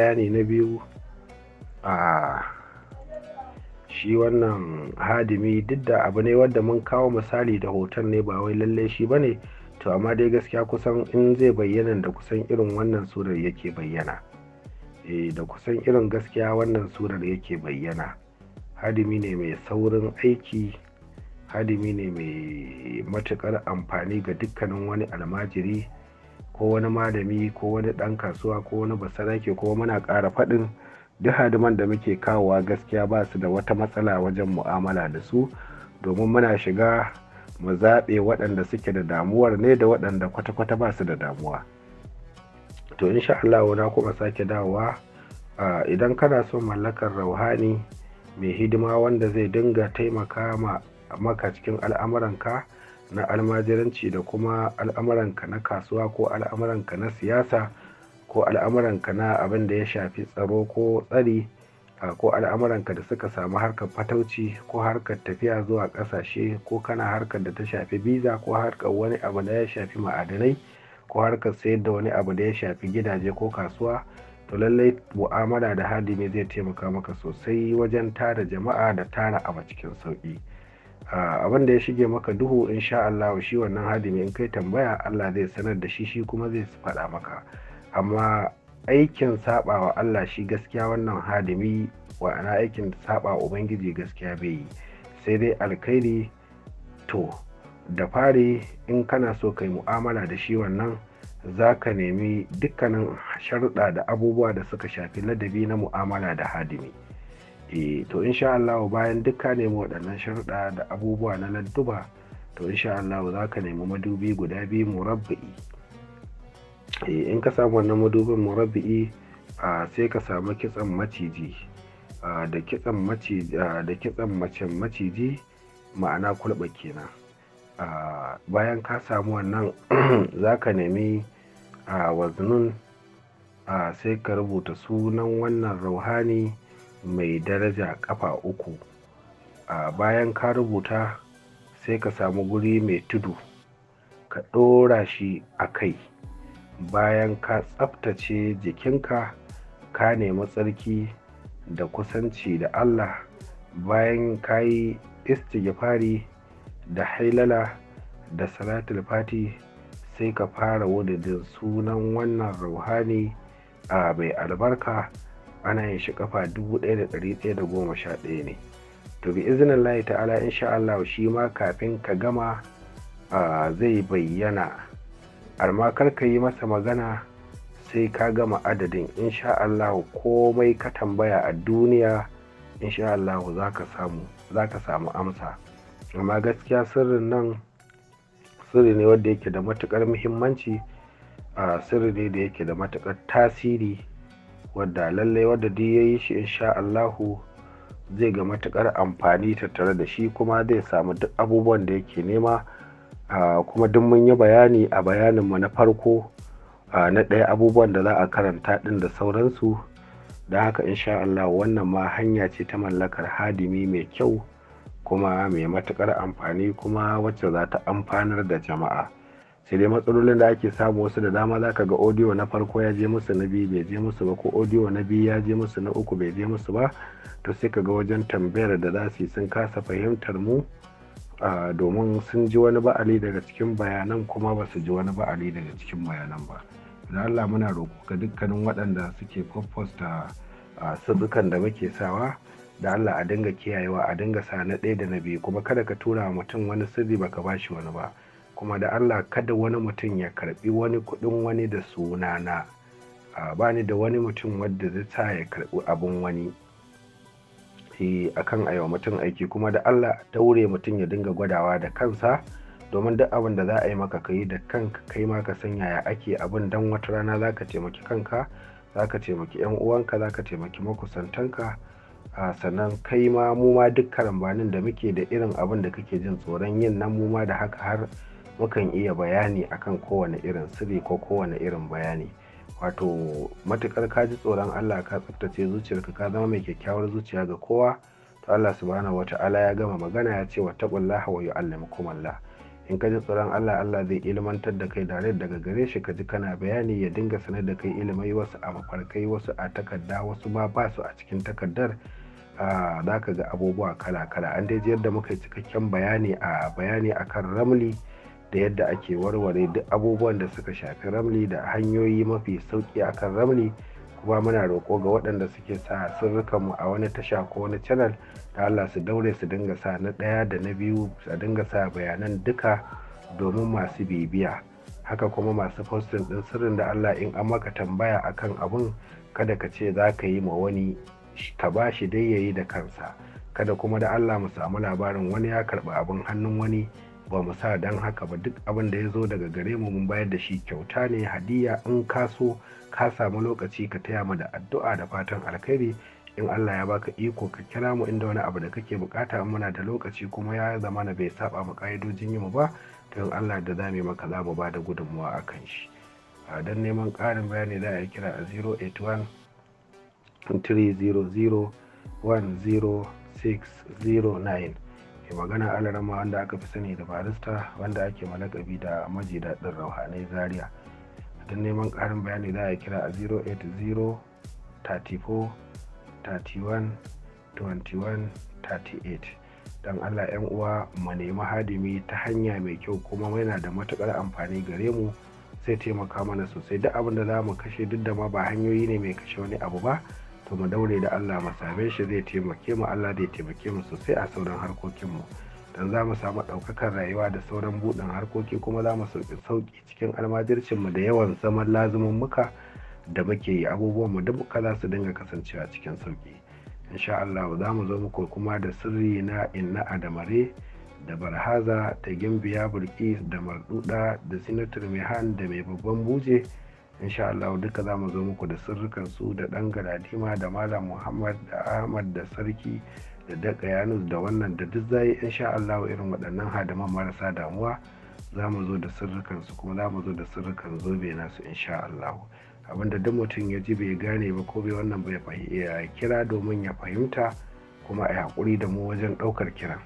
bayani na biyu a shi wannan hadimi duk da abu ne wadda mun kawo misali da hoton ne ba wai lalle shi ba ne to amma dai gaskiya kusan in zai bayyana da kusan irin wannan surar yake bayyana e da kusan irin gaskiya wannan surar yake bayyana hadimi ne mai saurin aiki hadimi ne mai matukar amfani ga dukkanin wani almajiri ko wani malami ko wani ɗan kasuwa ko wani basarake ko muna ƙara faɗin duk hadiman da muke kawowa gaskiya ba su da wata matsala wajen mu'amala da su domin muna shiga mu zaɓe waɗanda suke da damuwar ne da waɗanda kwata-kwata ba su da damuwa to insha Allah na kuma sake dawowa idan kana son mallakar rauhani mai hidima wanda zai dinga taimaka maka cikin al'amuranka na almajiranci da kuma al'amuranka na kasuwa ko al'amuranka na siyasa ko al'amuranka na abin da ya shafi tsaro ko tsari ko al'amuranka da suka samu harkar fatauci ko harkar tafiya zuwa ƙasashe ko kana harkar da ta shafi biza ko harkar wani abu da ya shafi ma'adanai ko harkar sayar da wani abu da ya shafi gidaje ko kasuwa to lallai mu'amala da hadimi zai taimaka maka sosai wajen tara jama'a da tara abu cikin sauƙi. abin da ya shige maka duhu insha Allah shi wannan hadimi in kai tambaya Allah zai sanar da shi shi kuma zai faɗa maka amma aikin saba wa Allah shi gaskiya wannan hadimi wa'ana aikin saba ubangiji gaskiya bai yi sai dai alkhairi to da fari in kana so ka yi mu'amala da shi wannan za ka nemi dukkanin sharuɗa da abubuwa da suka shafi ladabi na mu'amala da hadimi. e to insha Allah bayan dukkan nemi waɗannan sharuɗa da abubuwa na ladduba to insha Allah za ka nemi madubi guda biyu murabba'i e in ka samu wannan madubin murabba'i sai ka samu kitsan maciji da kitsan maciji da kitsan macen maciji ma'ana kulba kenan bayan ka samu wannan za ka nemi waznun sai ka rubuta sunan wannan rauhani mai daraja ƙafa uku a bayan ka rubuta sai ka samu guri mai tudu ka ɗora shi a kai bayan ka tsaftace jikinka ka nemi tsarki da kusanci da allah bayan ka yi istighfari da hailala da salatul fati sai ka fara wadadin sunan wannan ruhani a mai albarka ana yin shi kafa ɗaya ne to bi izinin layi ta'ala insha Allah shi ma kafin ka gama zai bayyana amma kar ka yi masa magana sai ka gama adadin insha Allah komai ka tambaya a duniya insha Allah za ka samu amsa amma gaskiya sirrin nan sirri ne wanda yake da matukar muhimmanci sirri ne da yake da matukar tasiri wadda lallai wadda duk ya yi shi insha Allahu zai ga matukar amfani tattare da shi kuma zai samu duk abubuwan da yake nema kuma duk mun yi bayani a bayaninmu na farko na ɗaya abubuwan da za a karanta ɗin da sauransu da haka insha allahu wannan ma hanya ce ta mallakar hadimi mai kyau kuma mai matukar amfani kuma wacce za ta amfanar da jama'a. sai dai matsalolin da ake samu wasu da dama za ka ga audio na farko ya je musu na biyu bai je musu ba ko audio na biyu ya je musu na uku bai je musu ba to sai ka ga wajen tambayar da za su yi sun kasa fahimtar mu domin sun ji wani ba'ali daga cikin bayanan kuma ba su ji wani ba'ali daga cikin bayanan ba da Allah muna roƙo ga dukkanin waɗanda suke da sirrukan da muke sawa da Allah a dinga kiyayewa a dinga sa na ɗaya da na biyu kuma kada ka tura mutum wani sirri baka bashi wani ba kuma da allah kada wani mutum ya karbi wani kudin wani da sunana a bani da wani mutum wadda zai sa ya karbi abin wani akan aiwa mutum aiki kuma da allah daure mutum ya dinga gwadawa da kansa domin duk abin da za a yi maka ka yi da kanka kai ma ka san yaya ake abin dan wata rana za ka taimaki kanka za ka taimaki yan uwanka za ka taimaki makusantanka a sannan kai ma mu ma duk karambanin da muke da irin abin da kake jin tsoron yin nan mu ma da haka har mukan iya bayani akan kowane irin sirri ko kowane irin bayani wato matukar ka ji tsoron Allah ka tsaftace zuciyarka ka zama mai kyakkyawar zuciya ga kowa to Allah subhanahu ta'ala ya gama magana ya ce wa wattaqullaha wa yu'allimukum Allah in ka ji tsoron Allah Allah zai ilmantar da kai dare daga gare shi ka ji kana bayani ya dinga sanar da kai ilimai wasu a mafarkai wasu a takarda wasu ma ba su a cikin takardar za ka ga abubuwa kala-kala an dai da muka yi cikakken bayani a bayani akan ramli da yadda ake warware duk abubuwan da suka shafi ramli da hanyoyi mafi sauki akan ramli kuma muna roƙo ga waɗanda suke sa sirrukan mu a wani tasha ko wani channel da Allah su daure su dinga sa na ɗaya da na biyu su dinga sa bayanan duka domin masu bibiya haka kuma masu posting ɗin sirrin da Allah in an maka tambaya akan abun kada ka ce za ka yi ma wani ka ba shi dai yayi da kansa kada kuma da Allah mu samu labarin wani ya karɓi abin hannun wani ba mu sa don haka ba duk abin da ya zo daga gare mu mun bayar da shi kyauta ne hadiya in ka so ka samu lokaci ka taya mu da addu'a da fatan alkhairi in Allah ya baka iko ka kira mu inda wani abu da kake bukata muna da lokaci kuma ya zama na bai saba mu ka'idojin yi mu ba to in Allah da za mu maka za mu ba da gudunmuwa a kan shi don neman ƙarin bayani za a yi kira a 081 300 10609 mai magana alarama wanda aka fi sani da barista wanda ake malakabi da maji daɗin rauhanai zaria don neman ƙarin bayani za a kira a 080 34 31 21 38 don allah 'yan uwa mu nemi hadimi ta hanya mai kyau kuma yana da matukar amfani gare mu sai taimaka mana sosai duk abin da za mu kashe duk da ma ba hanyoyi ne mai kashe wani abu ba to mu daure da Allah mu same shi zai taimake mu Allah zai taimake mu sosai a sauran harkokin mu don za mu samu ɗaukakar rayuwa da sauran buɗin harkoki kuma za mu sauƙi sauki cikin mu da yawan zaman lazumin muka da muke yi abubuwan mu duka za su dinga kasancewa cikin sauƙi insha Allah za mu zo muku kuma da sirri na inna adamare da barhaza da gimbiya bulkis da marduda da sinatar mehan da mai babban buje insha Allah duka za mu zo muku da sirrukan su da dan galadima da malam Muhammad da Ahmad da sarki da daga Yanus da wannan da duk zai insha Allah irin waɗannan hadaman marasa damuwa za mu zo da sirrukan su kuma za mu zo da sirrukan zobe nasu insha Allah abinda duk mutum ya ji bai gane ba ko bai wannan bai kira domin ya fahimta kuma a hakuri da mu wajen ɗaukar kiran.